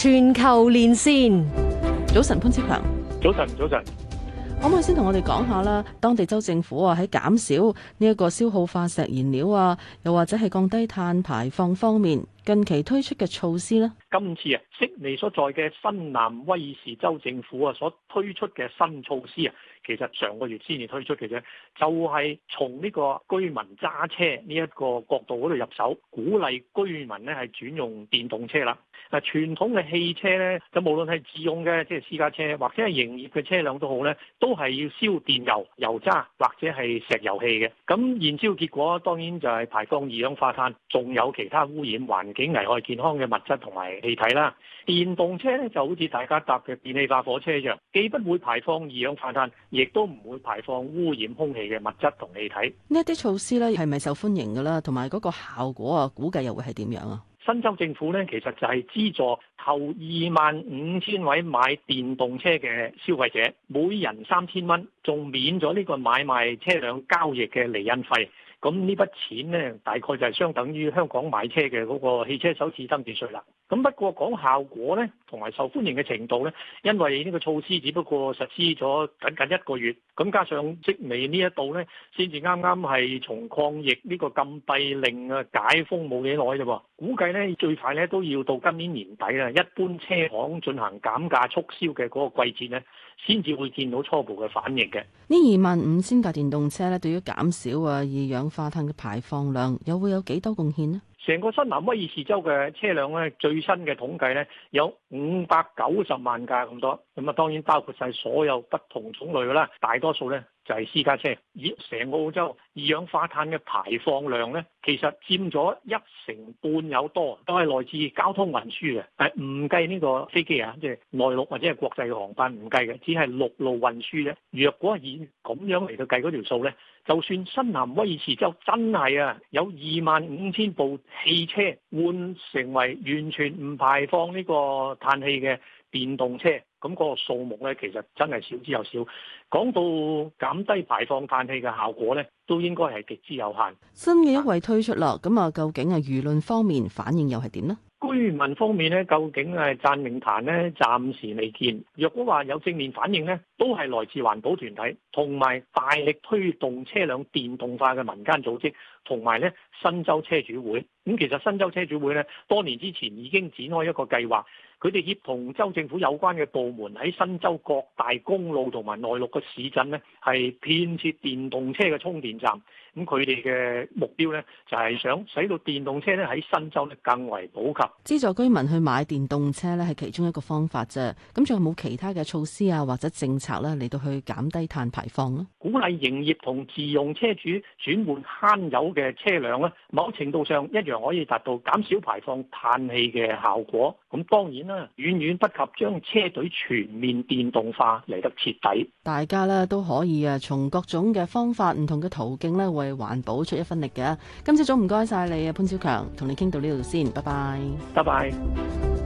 全球連線，早晨潘昭強，早晨早晨，可唔可以先同我哋講下啦？當地州政府啊，喺減少呢一個消耗化石燃料啊，又或者係降低碳排放方面。近期推出嘅措施咧，今次啊，悉尼所在嘅新南威爾士州政府啊，所推出嘅新措施啊，其實上個月先至推出嘅啫，就係從呢個居民揸車呢一個角度嗰度入手，鼓勵居民咧係轉用電動車啦。嗱，傳統嘅汽車咧，就無論係自用嘅即係私家車，或者係營業嘅車輛都好咧，都係要燒電油、油渣或者係石油氣嘅。咁燃燒結果當然就係排放二氧化碳，仲有其他污染環幾危害健康嘅物質同埋氣體啦。電動車咧就好似大家搭嘅電氣化火車一樣，既不會排放二氧化碳，亦都唔會排放污染空氣嘅物質同氣體。呢一啲措施咧係咪受歡迎㗎啦？同埋嗰個效果啊，估計又會係點樣啊？新州政府咧其實就係資助頭二萬五千位買電動車嘅消費者，每人三千蚊，仲免咗呢個買賣車輛交易嘅釐印費。咁呢筆錢呢，大概就係相等於香港買車嘅嗰個汽車首次登記稅啦。咁不過講效果呢，同埋受歡迎嘅程度呢，因為呢個措施只不過實施咗僅僅一個月，咁加上即係呢一度呢，先至啱啱係從抗疫呢個禁閉令啊解封冇幾耐啫喎。估計呢，最快呢都要到今年年底啦，一般車行進行減價促銷嘅嗰個季節呢，先至會見到初步嘅反應嘅。呢二萬五千架電動車呢，對於減少啊二氧化碳嘅排放量又會有幾多貢獻呢？成個新南威爾士州嘅車輛咧，最新嘅統計咧有五百九十萬架咁多，咁啊當然包括晒所有不同種類嘅啦，大多數咧。就係私家車，以成個澳洲二氧化碳嘅排放量呢，其實佔咗一成半有多，都係來自交通運輸嘅。誒，唔計呢個飛機啊，即係內陸或者係國際嘅航班唔計嘅，只係陸路運輸咧。若果以咁樣嚟到計嗰條數呢，就算新南威爾士州真係啊有二萬五千部汽車換成為完全唔排放呢個碳氣嘅。電動車咁嗰個數目呢，其實真係少之又少。講到減低排放碳氣嘅效果呢，都應該係極之有限。新嘅一位推出啦，咁啊，究竟啊，輿論方面反應又係點呢？居民方面呢，究竟係讚定彈呢？暫時未見。若果話有正面反應呢，都係來自環保團體同埋大力推動車輛電動化嘅民間組織，同埋呢新州車主會。咁、嗯、其實新州車主會呢，多年之前已經展開一個計劃。佢哋協同州政府有關嘅部門喺新州各大公路同埋內陸嘅市鎮咧，係建設電動車嘅充電站。咁佢哋嘅目標呢，就係想使到電動車咧喺新州咧更為普及。資助居民去買電動車咧，係其中一個方法啫。咁仲有冇其他嘅措施啊，或者政策呢？嚟到去減低碳排放咧？鼓勵營業同自用車主轉換慳油嘅車輛咧，某程度上一樣可以達到減少排放碳氣嘅效果。咁當然。遠遠不及將車隊全面電動化嚟得徹底，大家咧都可以啊，從各種嘅方法，唔同嘅途徑咧，為環保出一分力嘅。今朝早唔該晒你啊，潘昭強，同你傾到呢度先，拜拜，拜拜。